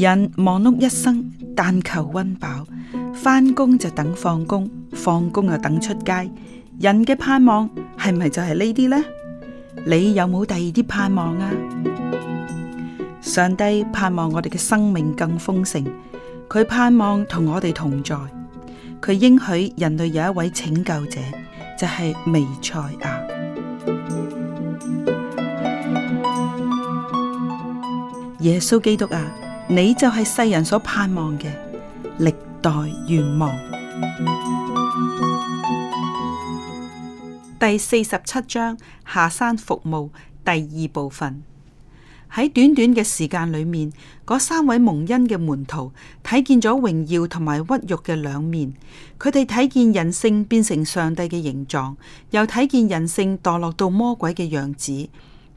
人忙碌一生，但求溫飽，翻工就等放工，放工又等出街。人嘅盼望係咪就係呢啲呢？你有冇第二啲盼望啊？上帝盼望我哋嘅生命更豐盛，佢盼望同我哋同在，佢應許人類有一位拯救者，就係彌賽亞，耶穌基督啊！你就係世人所盼望嘅，歷代願望。第四十七章下山服務第二部分。喺短短嘅時間裏面，嗰三位蒙恩嘅門徒睇見咗榮耀同埋屈辱嘅兩面。佢哋睇見人性變成上帝嘅形狀，又睇見人性墮落到魔鬼嘅樣子。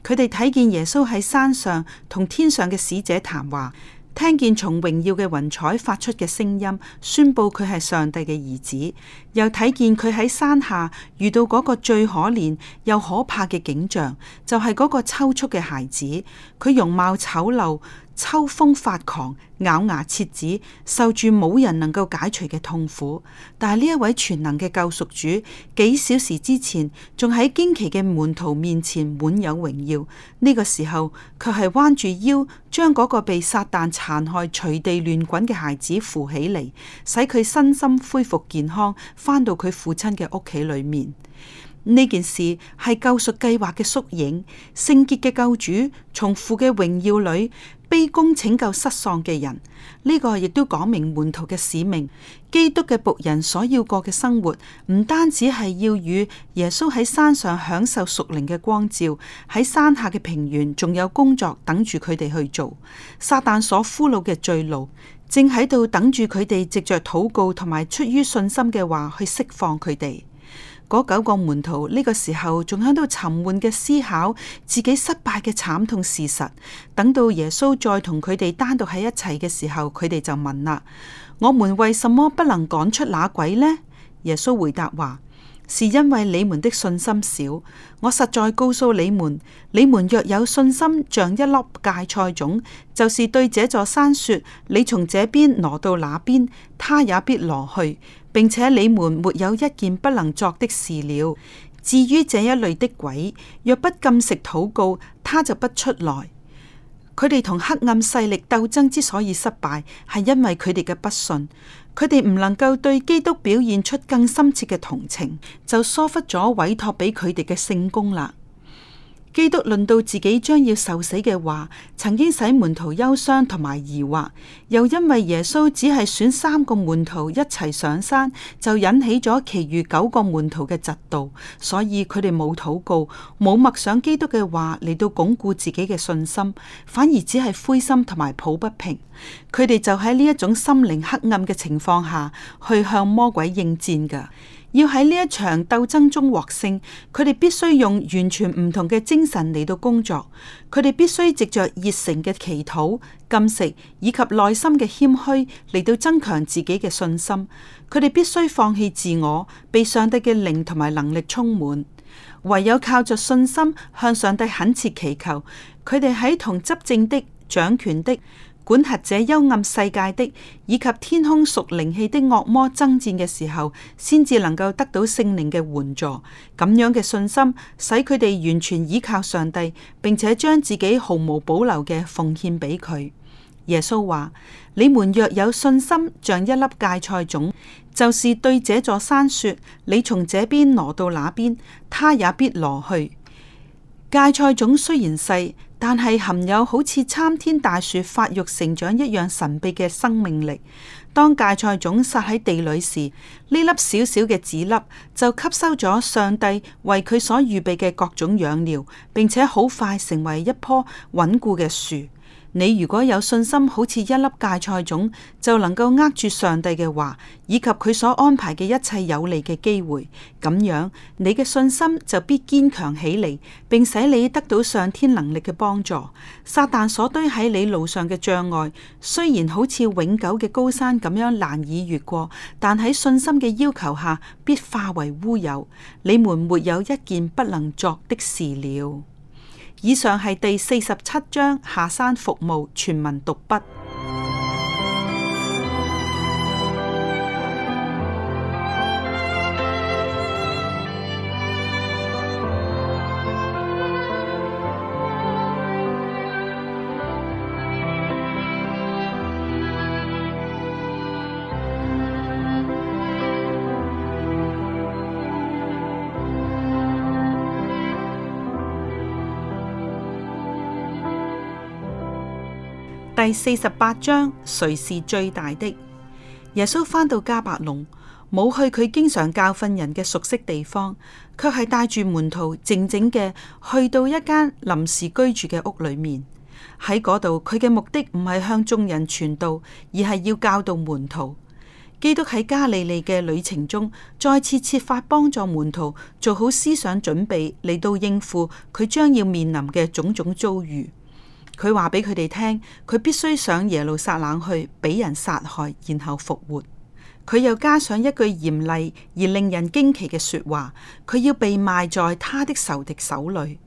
佢哋睇見耶穌喺山上同天上嘅使者談話。聽見從榮耀嘅雲彩發出嘅聲音，宣布佢係上帝嘅兒子，又睇見佢喺山下遇到嗰個最可憐又可怕嘅景象，就係、是、嗰個抽搐嘅孩子，佢容貌醜陋。秋風發狂，咬牙切齒，受住冇人能夠解除嘅痛苦。但係呢一位全能嘅救贖主，幾小時之前仲喺驚奇嘅門徒面前滿有榮耀，呢個時候卻係彎住腰，將嗰個被撒旦殘害、隨地亂滾嘅孩子扶起嚟，使佢身心恢復健康，翻到佢父親嘅屋企裏面。呢件事係救贖計劃嘅縮影，聖潔嘅救主從父嘅榮耀裏。卑躬拯救失喪嘅人。呢、這個亦都講明門徒嘅使命。基督嘅僕人所要過嘅生活，唔單止係要與耶穌喺山上享受屬靈嘅光照，喺山下嘅平原仲有工作等住佢哋去做。撒旦所俘虜嘅罪奴，正喺度等住佢哋藉着禱告同埋出於信心嘅話去釋放佢哋。嗰九個門徒呢個時候仲喺度沉悶嘅思考自己失敗嘅慘痛事實。等到耶穌再同佢哋單獨喺一齊嘅時候，佢哋就問啦，我們為什麼不能趕出那鬼呢？耶穌回答話。是因為你們的信心少，我實在告訴你們：你們若有信心，像一粒芥菜種，就是對這座山說：你從這邊挪到那邊，他也必挪去。並且你們沒有一件不能作的事了。至於這一類的鬼，若不禁食禱告，他就不出來。佢哋同黑暗勢力鬥爭之所以失敗，係因為佢哋嘅不信，佢哋唔能夠對基督表現出更深切嘅同情，就疏忽咗委託畀佢哋嘅聖功啦。基督論到自己將要受死嘅話，曾經使門徒憂傷同埋疑惑，又因為耶穌只係選三個門徒一齊上山，就引起咗其餘九個門徒嘅嫉妒，所以佢哋冇禱告，冇默想基督嘅話嚟到鞏固自己嘅信心，反而只係灰心同埋抱不平，佢哋就喺呢一種心靈黑暗嘅情況下去向魔鬼應戰噶。要喺呢一場鬥爭中獲勝，佢哋必須用完全唔同嘅精神嚟到工作；佢哋必須藉着熱誠嘅祈禱、禁食以及內心嘅謙虛嚟到增強自己嘅信心；佢哋必須放棄自我，被上帝嘅靈同埋能力充滿；唯有靠着信心向上帝懇切祈求，佢哋喺同執政的、掌權的，管轄這幽暗世界的，以及天空屬靈氣的惡魔爭戰嘅時候，先至能夠得到聖靈嘅援助。咁樣嘅信心，使佢哋完全依靠上帝，並且將自己毫無保留嘅奉獻俾佢。耶穌話：你們若有信心，像一粒芥菜種，就是對這座山說：你從這邊挪到那邊，它也必挪去。芥菜種雖然細。但係含有好似參天大樹發育成長一樣神秘嘅生命力。當芥菜種撒喺地裏時，呢粒小小嘅籽粒就吸收咗上帝為佢所預備嘅各種養料，並且好快成為一棵穩固嘅樹。你如果有信心，好似一粒芥菜種，就能夠握住上帝嘅話，以及佢所安排嘅一切有利嘅機會，咁樣你嘅信心就必堅強起嚟，並使你得到上天能力嘅幫助。撒旦所堆喺你路上嘅障礙，雖然好似永久嘅高山咁樣難以越過，但喺信心嘅要求下，必化為烏有。你們沒有一件不能作的事了。以上係第四十七章下山服務，全文讀畢。第四十八章，誰是最大的？耶穌返到迦百農，冇去佢經常教訓人嘅熟悉地方，卻係帶住門徒靜靜嘅去到一間臨時居住嘅屋裏面。喺嗰度，佢嘅目的唔係向眾人傳道，而係要教導門徒。基督喺加利利嘅旅程中，再次設法幫助門徒做好思想準備，嚟到應付佢將要面臨嘅種種遭遇。佢話俾佢哋聽，佢必須上耶路撒冷去，俾人殺害，然後復活。佢又加上一句嚴厲而令人驚奇嘅說話：「佢要被賣在他的仇敵手裏。」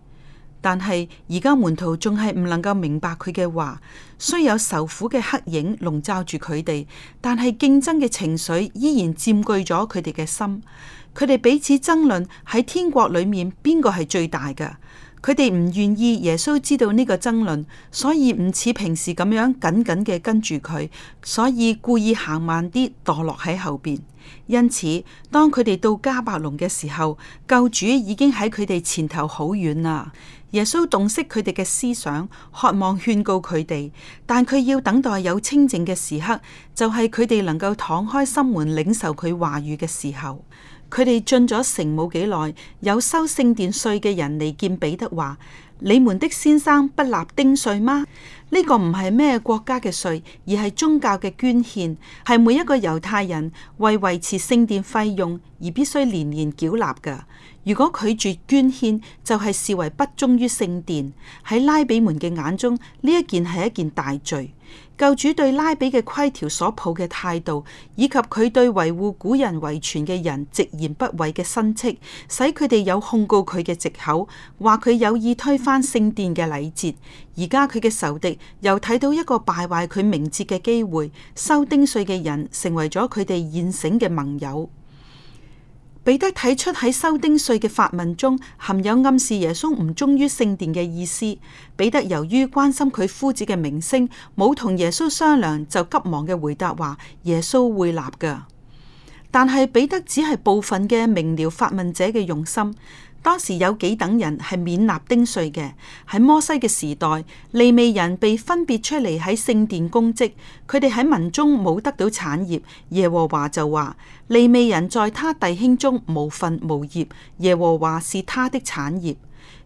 但係而家門徒仲係唔能夠明白佢嘅話。雖有仇苦嘅黑影籠罩住佢哋，但係競爭嘅情緒依然佔據咗佢哋嘅心。佢哋彼此爭論，喺天國裏面邊個係最大嘅？佢哋唔願意耶穌知道呢個爭論，所以唔似平時咁樣緊緊嘅跟住佢，所以故意行慢啲，墮落喺後邊。因此，當佢哋到迦百農嘅時候，救主已經喺佢哋前頭好遠啦。耶穌洞悉佢哋嘅思想，渴望勸告佢哋，但佢要等待有清靜嘅時刻，就係佢哋能夠敞開心門領受佢話語嘅時候。佢哋進咗城冇幾耐，有收聖殿稅嘅人嚟見彼得，話：你們的先生不納丁稅嗎？呢個唔係咩國家嘅稅，而係宗教嘅捐獻，係每一個猶太人為維持聖殿費用而必須年年繳納噶。如果拒絕捐獻，就係、是、視為不忠於聖殿。喺拉比們嘅眼中，呢一件係一件大罪。救主對拉比嘅規條所抱嘅態度，以及佢對維護古人遺傳嘅人直言不諱嘅身戚，使佢哋有控告佢嘅藉口，話佢有意推翻聖殿嘅禮節。而家佢嘅仇敵又睇到一個敗壞佢名節嘅機會，收丁稅嘅人成為咗佢哋現成嘅盟友。彼得睇出喺收丁稅嘅發問中，含有暗示耶穌唔忠於聖殿嘅意思。彼得由於關心佢夫子嘅名聲，冇同耶穌商量就急忙嘅回答話：耶穌會立㗎。但係彼得只係部分嘅明了發問者嘅用心。當時有幾等人係免納丁稅嘅。喺摩西嘅時代，利未人被分別出嚟，喺聖殿供職，佢哋喺民中冇得到產業，耶和華就話：利未人在他弟兄中無份無業，耶和華是他的產業。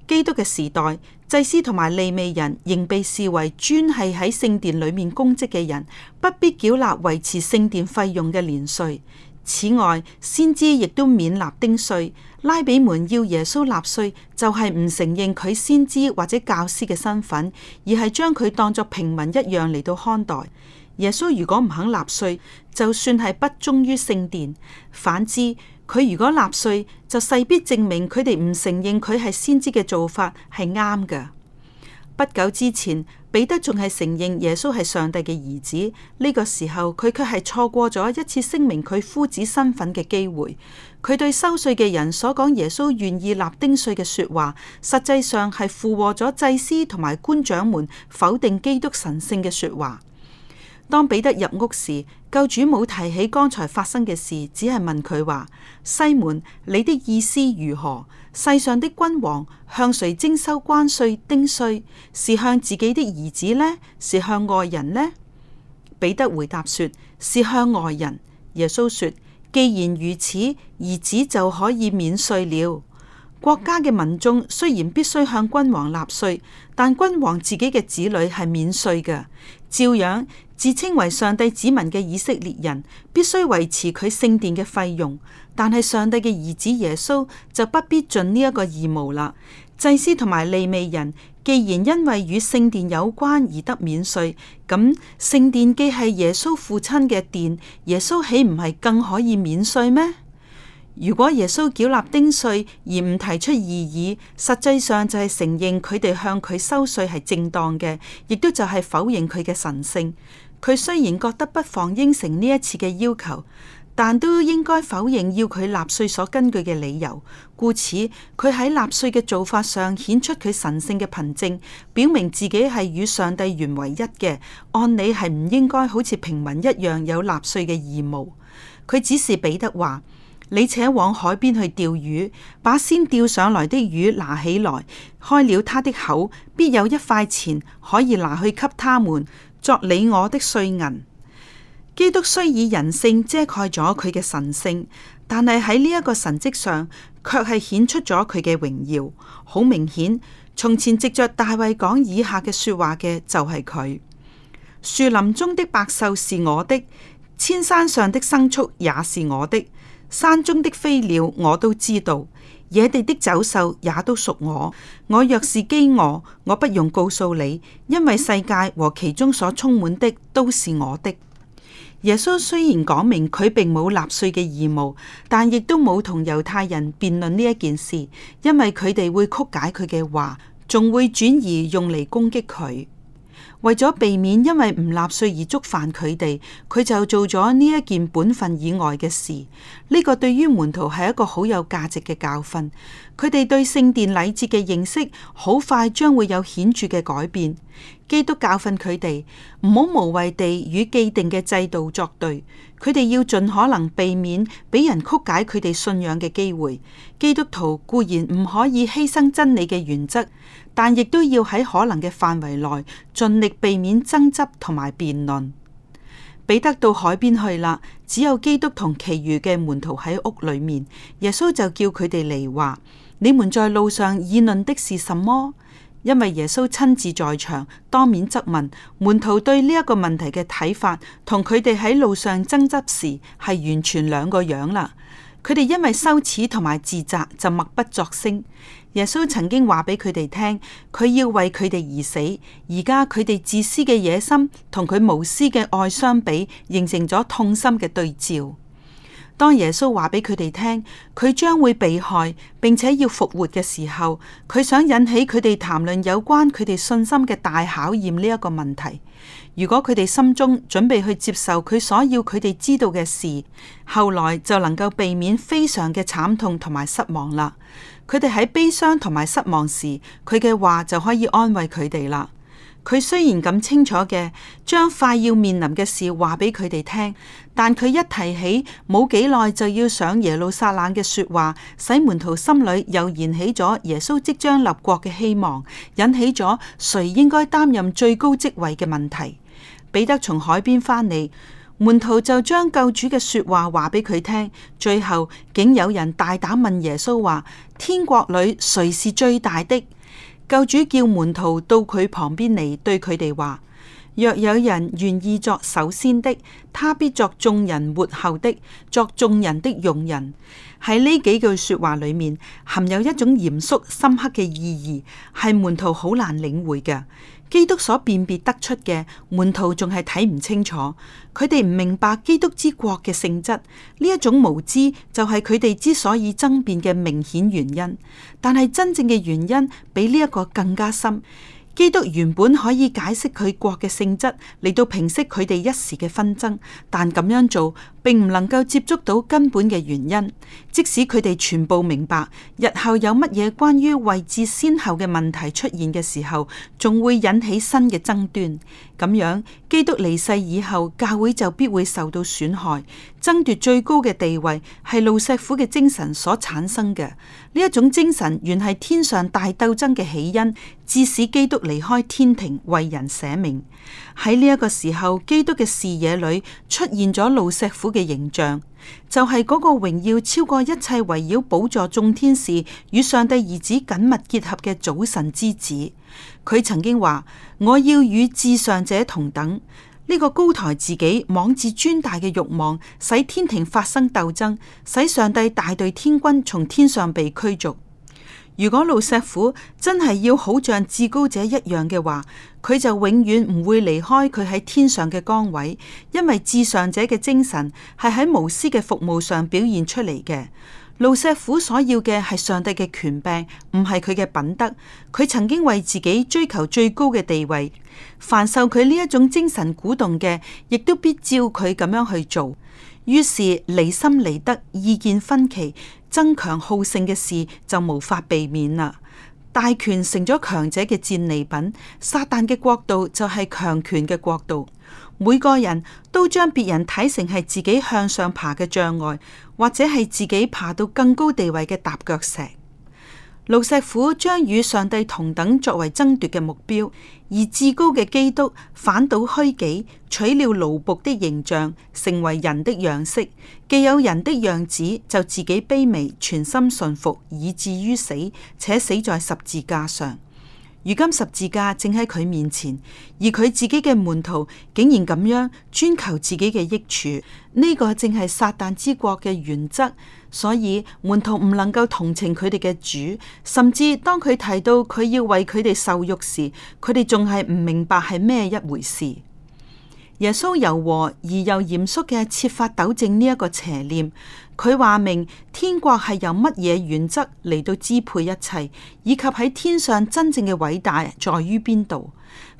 基督嘅時代，祭司同埋利未人仍被視為專係喺聖殿裏面供職嘅人，不必繳納維持聖殿費用嘅年稅。此外，先知亦都免納丁稅。拉比們要耶穌納稅，就係、是、唔承認佢先知或者教師嘅身份，而係將佢當作平民一樣嚟到看待。耶穌如果唔肯納稅，就算係不忠於聖殿；反之，佢如果納稅，就勢必證明佢哋唔承認佢係先知嘅做法係啱嘅。不久之前，彼得仲係承認耶穌係上帝嘅兒子，呢個時候佢卻係錯過咗一次聲明佢夫子身份嘅機會。佢對收稅嘅人所講耶穌願意立丁稅嘅說話，實際上係附和咗祭司同埋官長們否定基督神性嘅說話。當彼得入屋時，救主冇提起剛才發生嘅事，只係問佢話：西門，你的意思如何？世上的君王向誰徵收關稅、丁稅？是向自己的兒子呢？是向外人呢？彼得回答說：是向外人。耶穌說：既然如此，兒子就可以免稅了。國家嘅民眾雖然必須向君王納稅，但君王自己嘅子女係免稅嘅。照樣自稱為上帝子民嘅以色列人，必須維持佢聖殿嘅費用，但係上帝嘅兒子耶穌就不必盡呢一個義務啦。祭司同埋利未人既然因為與聖殿有關而得免稅，咁聖殿既係耶穌父親嘅殿，耶穌豈唔係更可以免稅咩？如果耶穌繳納丁稅而唔提出異議，實際上就係承認佢哋向佢收稅係正當嘅，亦都就係否認佢嘅神聖。佢雖然覺得不妨應承呢一次嘅要求，但都應該否認要佢納稅所根據嘅理由。故此，佢喺納稅嘅做法上顯出佢神聖嘅憑證，表明自己係與上帝原為一嘅。按理係唔應該好似平民一樣有納稅嘅義務。佢指示彼得話。你且往海邊去釣魚，把先釣上來的魚拿起來，開了他的口，必有一塊錢可以拿去給他們作你我的稅銀。基督雖以人性遮蓋咗佢嘅神性，但係喺呢一個神蹟上，卻係顯出咗佢嘅榮耀。好明顯，從前藉着大衛講以下嘅說話嘅就係佢。樹林中的百獸是我的，千山上的牲畜也是我的。山中的飛鳥我都知道，野地的走獸也都屬我。我若是飢餓，我不用告訴你，因為世界和其中所充滿的都是我的。耶穌雖然講明佢並冇納稅嘅義務，但亦都冇同猶太人辯論呢一件事，因為佢哋會曲解佢嘅話，仲會轉移用嚟攻擊佢。為咗避免因為唔納稅而觸犯佢哋，佢就做咗呢件本分以外嘅事。呢個對於門徒係一個好有價值嘅教訓。佢哋對聖殿禮節嘅認識好快將會有顯著嘅改變。基督教訓佢哋唔好無謂地與既定嘅制度作對，佢哋要盡可能避免俾人曲解佢哋信仰嘅機會。基督徒固然唔可以犧牲真理嘅原則，但亦都要喺可能嘅範圍內盡力避免爭執同埋辯論。彼得到海邊去啦，只有基督同其餘嘅門徒喺屋裏面。耶穌就叫佢哋嚟話，你們在路上議論的是什麼？因為耶穌親自在場，當面質問門徒對呢一個問題嘅睇法，同佢哋喺路上爭執時係完全兩個樣啦。佢哋因為羞恥同埋自責就默不作聲。耶穌曾經話俾佢哋聽，佢要為佢哋而死。而家佢哋自私嘅野心同佢無私嘅愛相比，形成咗痛心嘅對照。當耶穌話俾佢哋聽，佢將會被害，並且要復活嘅時候，佢想引起佢哋談論有關佢哋信心嘅大考驗呢一個問題。如果佢哋心中準備去接受佢所要佢哋知道嘅事，後來就能夠避免非常嘅慘痛同埋失望啦。佢哋喺悲傷同埋失望時，佢嘅話就可以安慰佢哋啦。佢雖然咁清楚嘅，將快要面臨嘅事話畀佢哋聽，但佢一提起冇幾耐就要上耶路撒冷嘅說話，使門徒心裏又燃起咗耶穌即將立國嘅希望，引起咗誰應該擔任最高職位嘅問題。彼得從海邊返嚟，門徒就將救主嘅說話話畀佢聽，最後竟有人大膽問耶穌話：天國裏誰是最大的？救主叫門徒到佢旁邊嚟，對佢哋話：若有人願意作首先的，他必作眾人末後的，作眾人的用人。喺呢幾句說話裏面，含有一種嚴肅深刻嘅意義，係門徒好難領會嘅。基督所辨別得出嘅門徒仲係睇唔清楚，佢哋唔明白基督之國嘅性質，呢一種無知就係佢哋之所以爭辯嘅明顯原因。但係真正嘅原因比呢一個更加深。基督原本可以解釋佢國嘅性質，嚟到平息佢哋一時嘅紛爭，但咁樣做並唔能夠接觸到根本嘅原因。即使佢哋全部明白，日後有乜嘢關於位置先後嘅問題出現嘅時候，仲會引起新嘅爭端。咁樣，基督離世以後，教會就必會受到損害。爭奪最高嘅地位係路錫甫嘅精神所產生嘅，呢一種精神原係天上大鬥爭嘅起因。致使基督離開天庭為人捨命，喺呢一個時候，基督嘅視野裏出現咗路石虎嘅形象，就係、是、嗰個榮耀超過一切圍繞寶座眾天使與上帝兒子緊密結合嘅早晨之子。佢曾經話：我要與至上者同等。呢、這個高抬自己、妄自尊大嘅慾望，使天庭發生鬥爭，使上帝大隊天軍從天上被驅逐。如果路石虎真係要好像至高者一樣嘅話，佢就永遠唔會離開佢喺天上嘅崗位，因為至上者嘅精神係喺無私嘅服務上表現出嚟嘅。路石虎所要嘅係上帝嘅權柄，唔係佢嘅品德。佢曾經為自己追求最高嘅地位，凡受佢呢一種精神鼓動嘅，亦都必照佢咁樣去做。於是離心離德，意見分歧。爭強好勝嘅事就無法避免啦，大權成咗強者嘅戰利品，撒旦嘅國度就係強權嘅國度，每個人都將別人睇成係自己向上爬嘅障礙，或者係自己爬到更高地位嘅踏腳石。盧石虎將與上帝同等作為爭奪嘅目標，而至高嘅基督反倒虛己，取了奴僕的形象，成為人的樣式。既有人的樣子，就自己卑微，全心順服，以至於死，且死在十字架上。如今十字架正喺佢面前，而佢自己嘅門徒竟然咁樣專求自己嘅益處，呢、這個正係撒旦之國嘅原則。所以門徒唔能夠同情佢哋嘅主，甚至當佢提到佢要為佢哋受辱時，佢哋仲係唔明白係咩一回事。耶穌柔和而又嚴肅嘅設法糾正呢一個邪念，佢話明，天國係由乜嘢原則嚟到支配一切，以及喺天上真正嘅偉大在於邊度。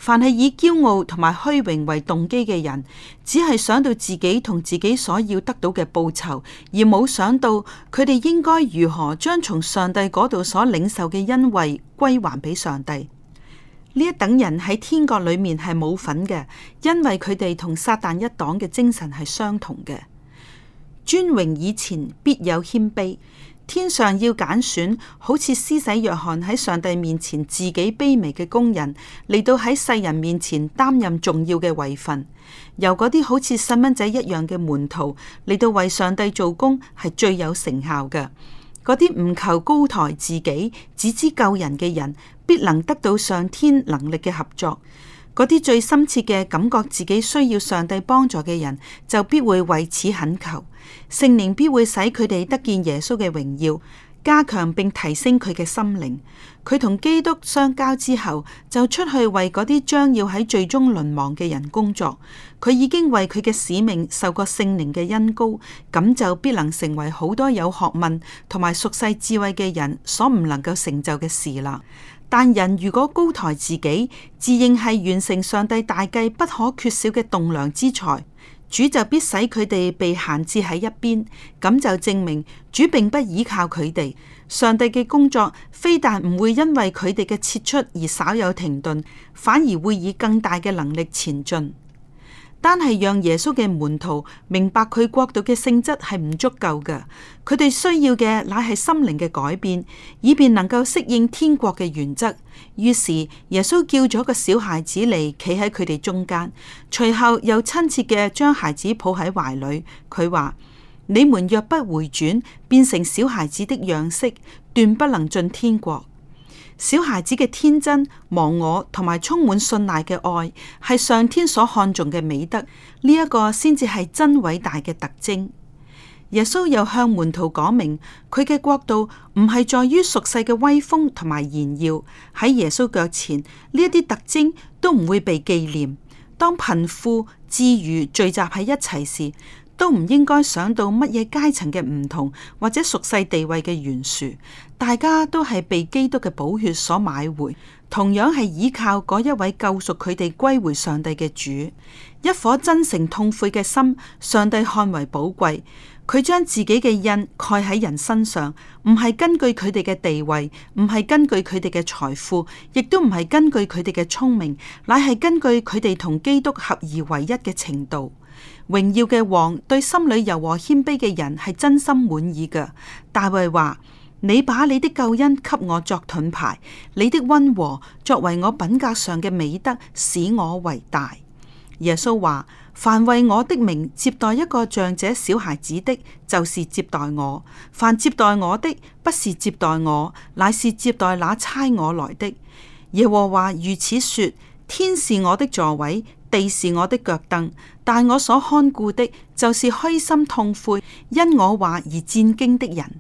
凡係以驕傲同埋虛榮為動機嘅人，只係想到自己同自己所要得到嘅報酬，而冇想到佢哋應該如何將從上帝嗰度所領受嘅恩惠歸還俾上帝。呢一等人喺天國裏面係冇份嘅，因為佢哋同撒旦一黨嘅精神係相同嘅。尊榮以前必有謙卑。天上要揀選，好似施洗約翰喺上帝面前自己卑微嘅工人，嚟到喺世人面前擔任重要嘅位份；由嗰啲好似細蚊仔一樣嘅門徒嚟到為上帝做工，係最有成效嘅。嗰啲唔求高抬自己，只知救人嘅人，必能得到上天能力嘅合作。嗰啲最深切嘅感覺，自己需要上帝幫助嘅人，就必會為此懇求，聖靈必會使佢哋得見耶穌嘅榮耀，加強並提升佢嘅心靈。佢同基督相交之後，就出去為嗰啲將要喺最終淪亡嘅人工作。佢已經為佢嘅使命受過聖靈嘅恩膏，咁就必能成為好多有學問同埋屬世智慧嘅人所唔能夠成就嘅事啦。但人如果高抬自己，自認係完成上帝大計不可缺少嘅棟梁之才，主就必使佢哋被閒置喺一邊，咁就證明主並不倚靠佢哋。上帝嘅工作非但唔會因為佢哋嘅撤出而稍有停頓，反而會以更大嘅能力前進。單係讓耶穌嘅門徒明白佢國度嘅性質係唔足夠嘅，佢哋需要嘅乃係心靈嘅改變，以便能夠適應天國嘅原則。於是耶穌叫咗個小孩子嚟，企喺佢哋中間，隨後又親切嘅將孩子抱喺懷裏。佢話，你們若不回轉，變成小孩子的樣式，斷不能進天國。小孩子嘅天真、忘我同埋充滿信賴嘅愛，係上天所看重嘅美德。呢、這、一個先至係真偉大嘅特徵。耶穌又向門徒講明，佢嘅國度唔係在於俗世嘅威風同埋炫耀。喺耶穌腳前，呢一啲特徵都唔會被紀念。當貧富智愚聚集喺一齊時，都唔應該想到乜嘢階層嘅唔同或者屬世地位嘅懸殊，大家都係被基督嘅寶血所買回，同樣係依靠嗰一位救贖佢哋歸回上帝嘅主，一顆真誠痛悔嘅心，上帝看為寶貴。佢將自己嘅印蓋喺人身上，唔係根據佢哋嘅地位，唔係根據佢哋嘅財富，亦都唔係根據佢哋嘅聰明，乃係根據佢哋同基督合而為一嘅程度。榮耀嘅王對心裏柔和謙卑嘅人係真心滿意嘅。大衛話：你把你的救恩給我作盾牌，你的温和作為我品格上嘅美德，使我為大。耶穌話：凡為我的名接待一個像這小孩子的，就是接待我；凡接待我的，不是接待我，乃是接待那差我來的。耶和華如此說：天是我的座位。地是我的腳凳，但我所看顧的就是虛心痛悔、因我話而戰兢的人。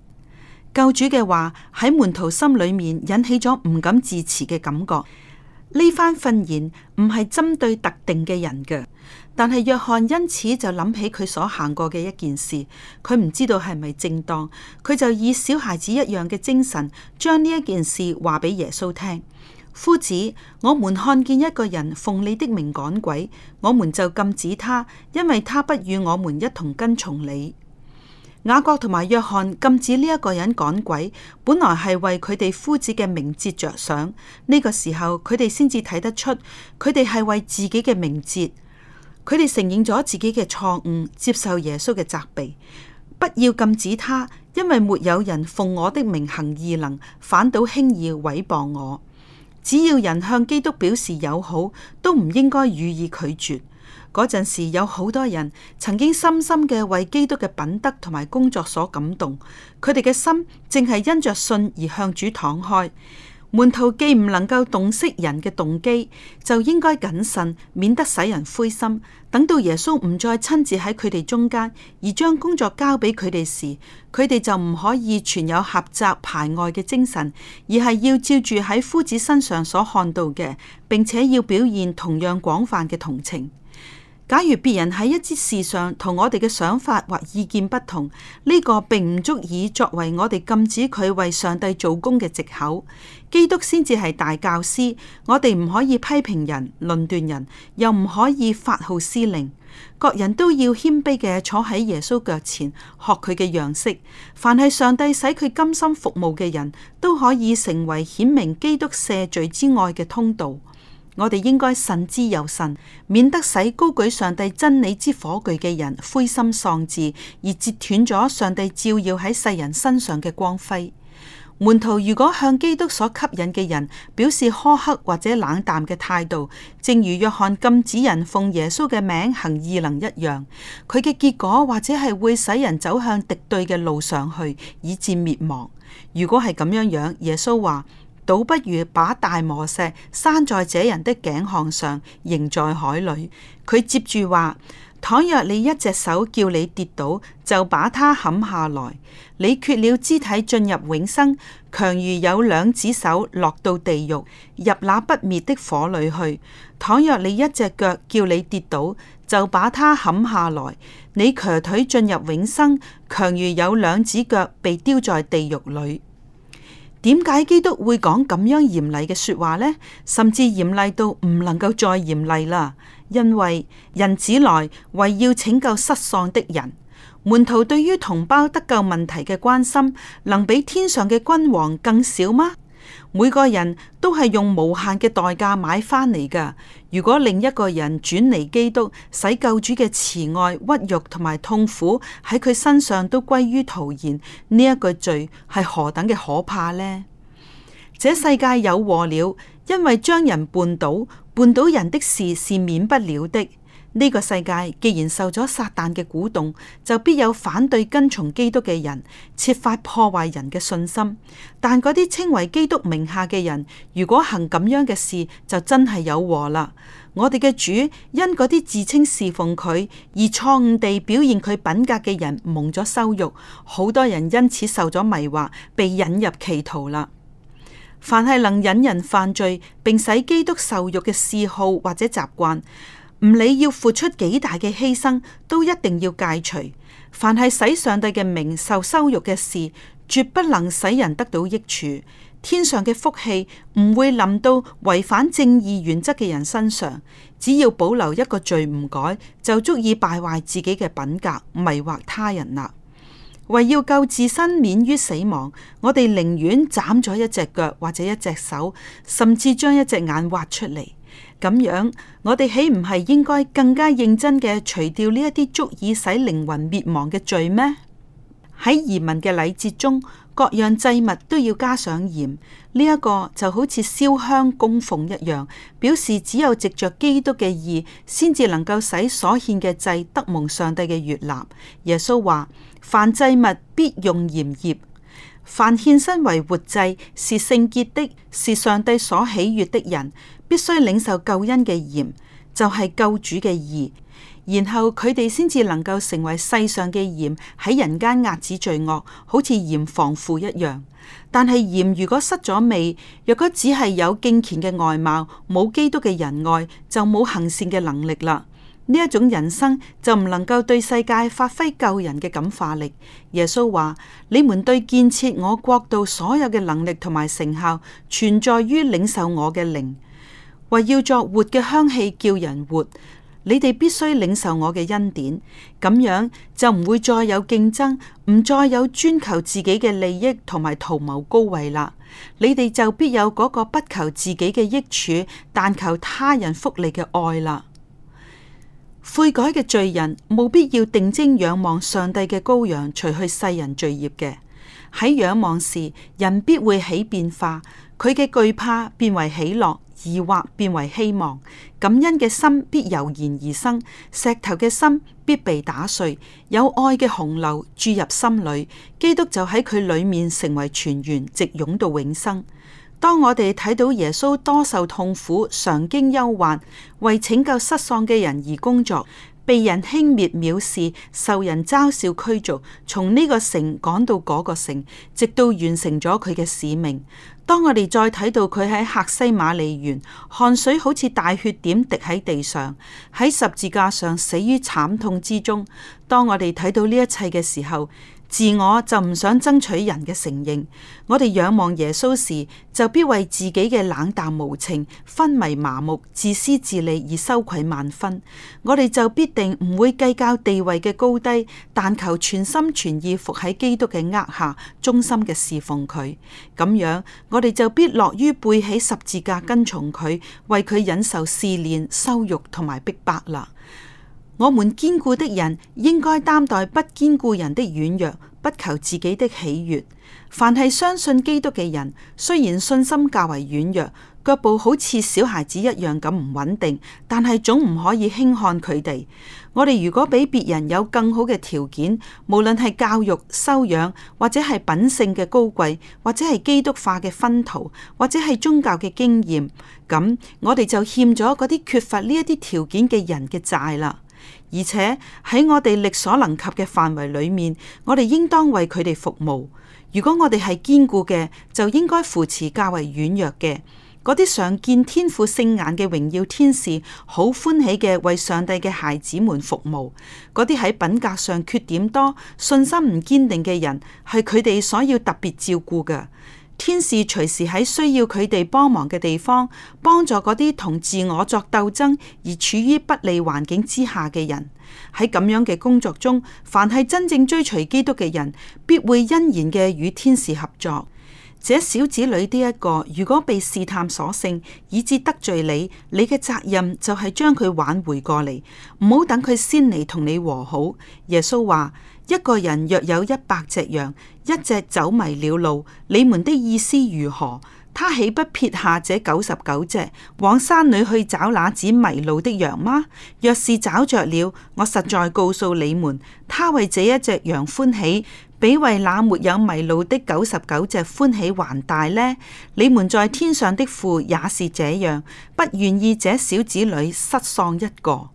救主嘅話喺門徒心裏面引起咗唔敢自持嘅感覺。呢番訓言唔係針對特定嘅人嘅，但係約翰因此就諗起佢所行過嘅一件事，佢唔知道係咪正當，佢就以小孩子一樣嘅精神將呢一件事話俾耶穌聽。夫子，我們看見一個人奉你的名趕鬼，我們就禁止他，因為他不與我們一同跟從你。雅各同埋約翰禁止呢一個人趕鬼，本來係為佢哋夫子嘅名節着想。呢個時候佢哋先至睇得出，佢哋係為自己嘅名節。佢哋承認咗自己嘅錯誤，接受耶穌嘅責備，不要禁止他，因為沒有人奉我的名行異能，反倒輕易毀謗我。只要人向基督表示友好，都唔應該予以拒絕。嗰陣時有好多人曾經深深嘅為基督嘅品德同埋工作所感動，佢哋嘅心正係因着信而向主敞開。門徒既唔能夠洞悉人嘅動機，就應該謹慎，免得使人灰心。等到耶穌唔再親自喺佢哋中間，而將工作交畀佢哋時，佢哋就唔可以存有狹窄排外嘅精神，而係要照住喺夫子身上所看到嘅，並且要表現同樣廣泛嘅同情。假如別人喺一啲事上同我哋嘅想法或意見不同，呢個並唔足以作為我哋禁止佢為上帝做工嘅藉口。基督先至係大教師，我哋唔可以批評人、論斷人，又唔可以發號施令。各人都要謙卑嘅坐喺耶穌腳前，學佢嘅樣式。凡係上帝使佢甘心服務嘅人都可以成為顯明基督赦罪之外嘅通道。我哋應該慎之又慎，免得使高舉上帝真理之火炬嘅人灰心喪志，而截斷咗上帝照耀喺世人身上嘅光輝。門徒如果向基督所吸引嘅人表示苛刻或者冷淡嘅態度，正如約翰禁止人奉耶穌嘅名行異能一樣，佢嘅結果或者係會使人走向敵對嘅路上去，以致滅亡。如果係咁樣樣，耶穌話。倒不如把大磨石閂在這人的頸項上，扔在海裏。佢接住話：倘若你一隻手叫你跌倒，就把它砍下來；你缺了肢體進入永生，強如有兩隻手落到地獄，入那不滅的火裏去。倘若你一隻腳叫你跌倒，就把它砍下來；你瘸腿進入永生，強如有兩隻腳被丟在地獄裏。點解基督會講咁樣嚴厲嘅說話呢？甚至嚴厲到唔能夠再嚴厲啦。因為人子來為要拯救失喪的人，門徒對於同胞得救問題嘅關心，能比天上嘅君王更少嗎？每個人都係用無限嘅代價買翻嚟㗎。如果另一個人轉離基督，使救主嘅慈愛、屈辱同埋痛苦喺佢身上都歸於徒然，呢一個罪係何等嘅可怕呢？這世界有禍了，因為將人絆倒、絆倒人的事是免不了的。呢個世界既然受咗撒旦嘅鼓動，就必有反對跟從基督嘅人，設法破壞人嘅信心。但嗰啲稱為基督名下嘅人，如果行咁樣嘅事，就真係有禍啦。我哋嘅主因嗰啲自稱侍奉佢而錯誤地表現佢品格嘅人蒙咗羞辱，好多人因此受咗迷惑，被引入歧途啦。凡係能引人犯罪，並使基督受辱嘅嗜好或者習慣，唔理要付出幾大嘅犧牲，都一定要戒除。凡係使上帝嘅名受羞辱嘅事，絕不能使人得到益處。天上嘅福氣唔會臨到違反正義原則嘅人身上。只要保留一個罪唔改，就足以敗壞自己嘅品格，迷惑他人啦。為要救自身免於死亡，我哋寧願斬咗一隻腳或者一隻手，甚至將一隻眼挖出嚟。咁樣，我哋豈唔係應該更加認真嘅除掉呢一啲足以使靈魂滅亡嘅罪咩？喺移民嘅禮節中，各樣祭物都要加上鹽。呢、這、一個就好似燒香供奉一樣，表示只有藉着基督嘅義先至能夠使所獻嘅祭得蒙上帝嘅悅納。耶穌話：「凡祭物必用鹽醃，凡獻身為活祭，是聖潔的，是上帝所喜悅的人。必須領受救恩嘅鹽，就係救主嘅義，然後佢哋先至能夠成為世上嘅鹽喺人間遏止罪惡，好似鹽防腐一樣。但係鹽如果失咗味，若果只係有敬虔嘅外貌，冇基督嘅仁愛，就冇行善嘅能力啦。呢一種人生就唔能夠對世界發揮救人嘅感化力。耶穌話：你們對建設我國度所有嘅能力同埋成效，存在於領受我嘅靈。為要作活嘅香氣，叫人活，你哋必須領受我嘅恩典，咁樣就唔會再有競爭，唔再有專求自己嘅利益同埋圖謀高位啦。你哋就必有嗰個不求自己嘅益處，但求他人福利嘅愛啦。悔改嘅罪人，冇必要定睛仰望上帝嘅羔羊，除去世人罪孽嘅。喺仰望時，人必會起變化，佢嘅懼怕變為喜樂。疑惑變為希望，感恩嘅心必油然而生，石頭嘅心必被打碎，有愛嘅洪流注入心裏，基督就喺佢裏面成為泉源，直湧到永生。當我哋睇到耶穌多受痛苦，常經憂患，為拯救失喪嘅人而工作，被人輕蔑藐，藐視，受人嘲笑驅逐，從呢個城趕到嗰個城，直到完成咗佢嘅使命。當我哋再睇到佢喺客西馬尼園，汗水好似大血點滴喺地上，喺十字架上死於慘痛之中。當我哋睇到呢一切嘅時候，自我就唔想爭取人嘅承認，我哋仰望耶穌時，就必為自己嘅冷淡無情、昏迷麻木、自私自利而羞愧萬分。我哋就必定唔會計較地位嘅高低，但求全心全意伏喺基督嘅軛下，忠心嘅侍奉佢。咁樣，我哋就必樂於背起十字架跟從佢，為佢忍受試煉、羞辱同埋逼迫啦。我們堅固的人應該擔待不堅固人的軟弱，不求自己的喜悅。凡係相信基督嘅人，雖然信心較為軟弱，腳步好似小孩子一樣咁唔穩定，但係總唔可以輕看佢哋。我哋如果比別人有更好嘅條件，無論係教育、修養或者係品性嘅高貴，或者係基督化嘅熏陶，或者係宗教嘅經驗，咁我哋就欠咗嗰啲缺乏呢一啲條件嘅人嘅債啦。而且喺我哋力所能及嘅範圍裏面，我哋應當為佢哋服務。如果我哋係堅固嘅，就應該扶持較為軟弱嘅。嗰啲常見天父聖眼嘅榮耀天使，好歡喜嘅為上帝嘅孩子們服務。嗰啲喺品格上缺點多、信心唔堅定嘅人，係佢哋所要特別照顧嘅。天使隨時喺需要佢哋幫忙嘅地方，幫助嗰啲同自我作鬥爭而處於不利環境之下嘅人。喺咁樣嘅工作中，凡係真正追隨基督嘅人，必會欣然嘅與天使合作。這小子女呢一個，如果被試探所勝，以致得罪你，你嘅責任就係將佢挽回過嚟，唔好等佢先嚟同你和好。耶穌話。一個人若有一百隻羊，一隻走迷了路，你們的意思如何？他豈不撇下這九十九隻，往山裏去找那隻迷路的羊嗎？若是找着了，我實在告訴你們，他為這一隻羊歡喜，比為那沒有迷路的九十九隻歡喜還大呢。你們在天上的父也是這樣，不願意這小子裏失喪一個。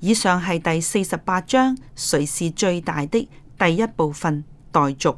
以上係第四十八章《誰是最大的》第一部分，待續。